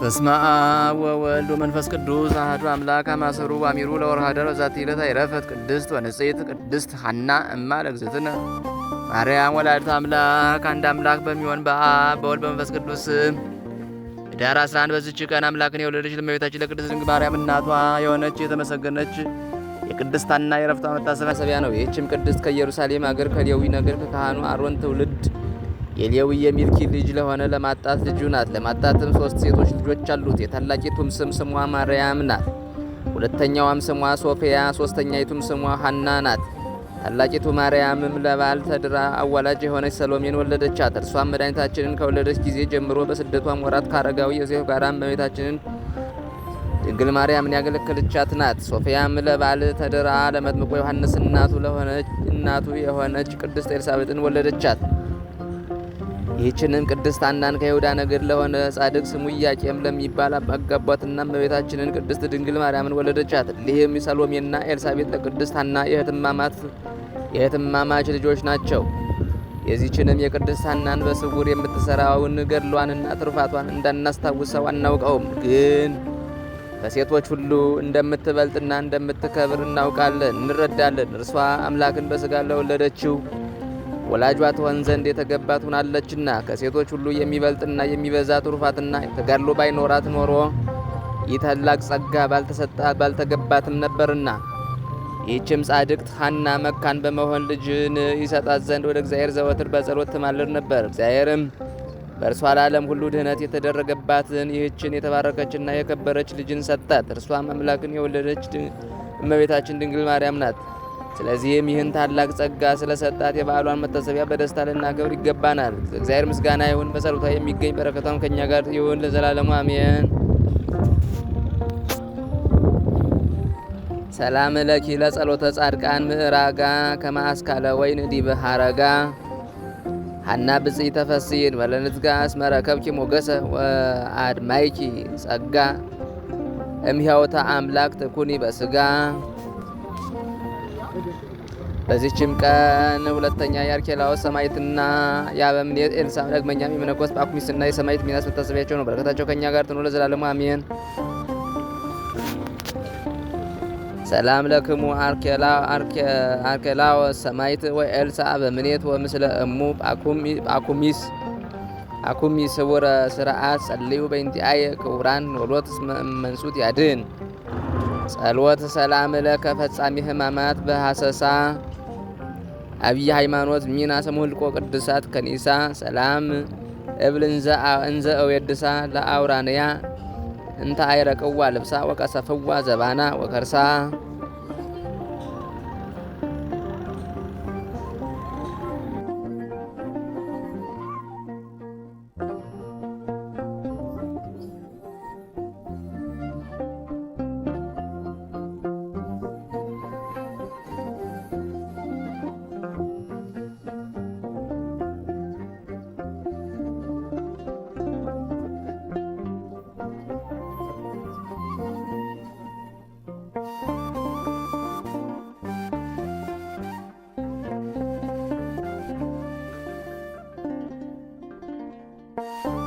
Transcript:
በስመ አብ ወወልድ ወመንፈስ ቅዱስ አሐዱ አምላክ አማሰሩ ዋሚሩ ለወርሃ ደረ ዛቲ ዕለት አይረፈት ቅድስት ወንጽሕት ቅድስት ሐና እማ ለእግዝእትነ ማርያም ወላዲተ አምላክ አንድ አምላክ በሚሆን በአብ በወልድ በመንፈስ ቅዱስ ዳር 11 በዚች ቀን አምላክን የወለደች ለእመቤታችን ለቅድስት ድንግል ማርያም እናቷ የሆነች የተመሰገነች የቅድስት ሐና የዕረፍቷ መታሰቢያ ነው። ይህችም ቅድስት ከኢየሩሳሌም አገር ከሌዊ ነገር ከካህኑ አሮን ትውልድ የሌዊ የሚልኪ ልጅ ለሆነ ለማጣት ልጁ ናት። ለማጣትም ሶስት ሴቶች ልጆች አሉት። የታላቂቱም ስም ስሟ ማርያም ናት። ሁለተኛዋም ስሟ ሶፊያ፣ ሶስተኛይቱም ስሟ ሀና ናት። ታላቂቱ ማርያምም ለባል ተድራ አዋላጅ የሆነች ሰሎሜን ወለደቻት። እርሷም መድኃኒታችንን ከወለደች ጊዜ ጀምሮ በስደቷም ወራት ካረጋዊ ዮሴፍ ጋር መቤታችንን ድንግል ማርያምን ያገለገለቻት ናት። ሶፊያም ለባል ተድራ ለመጥምቆ ዮሐንስ እናቱ ለሆነች እናቱ የሆነች ቅድስት ኤልሳቤጥን ወለደቻት። ይህችንም ቅድስት አናን ከይሁዳ ነገድ ለሆነ ጻድቅ ስሙ ኢያቄም ለሚባል አጋቧትና እመቤታችንን ቅድስት ድንግል ማርያምን ወለደቻት። ይህም ሰሎሜና ኤልሳቤት ለቅድስት ሐና የህትማማች ልጆች ናቸው። የዚችንም የቅድስት አናን በስውር የምትሰራውን ገድሏንና ትሩፋቷን እንዳናስታውሰው አናውቀውም። ግን ከሴቶች ሁሉ እንደምትበልጥና እንደምትከብር እናውቃለን፣ እንረዳለን። እርሷ አምላክን በሥጋ ለወለደችው ወላጇ ትሆን ዘንድ የተገባ ትሆናለችና ከሴቶች ሁሉ የሚበልጥና የሚበዛ ትሩፋትና ተጋድሎ ባይኖራት ኖሮ ይህ ታላቅ ጸጋ ባልተሰጣት ባልተገባትም ነበርና። ይህችም ጻድቅት ሐና መካን በመሆን ልጅን ይሰጣት ዘንድ ወደ እግዚአብሔር ዘወትር በጸሎት ትማልድ ነበር። እግዚአብሔርም በእርሷ ለዓለም ሁሉ ድህነት የተደረገባትን ይህችን የተባረከችና የከበረች ልጅን ሰጣት። እርሷም አምላክን የወለደች እመቤታችን ድንግል ማርያም ናት። ስለዚህም ይህን ታላቅ ጸጋ ስለሰጣት የበዓሏን መታሰቢያ በደስታ ልናከብር ይገባናል። እግዚአብሔር ምስጋና ይሁን፣ በጸሎቷ የሚገኝ በረከቷም ከእኛ ጋር ይሁን ለዘላለሙ አሜን። ሰላም ለኪ ለጸሎተ ጻድቃን ምዕራጋ ከማአስካለ ወይን ዲበ ሀረጋ ሀና ብጽይ ተፈስይን በለንትጋ እስመ ሞገሰ ወአድማይኪ ጸጋ እምሕያወተ አምላክ ትኩኒ በስጋ በዚህችም ቀን ሁለተኛ የአርኬላዎስ ሰማዕትና የአበምኔት ኤልሳ ዳግመኛም የመነኮስ ጳኩሚስና የሰማዕት ሚናስ መታሰቢያቸው ነው። በረከታቸው ከእኛ ጋር ትኑር ለዘላለሙ አሜን። ሰላም ለክሙ አርኬላዎስ ሰማዕት ወኤልሳዕ አበምኔት ወምስለ እሙ ጳኩሚስ አኩም ይሰወረ ስርዓት ጸልዩ በእንቲአየ ክቡራን ኖሎት መንሱት ያድን ጸሎት ሰላም ለከ ፈጻሚ ህማማት በሐሰሳ አብይ ሃይማኖት ሚና ሙህልቆ ቅዱሳት ከኒሳ ሰላም እብል እንዘ እዌድሳ ለአውራንያ እንታ አይረቅዋ ልብሳ ወቀሰፍዋ ዘባና ወከርሳ Thank you.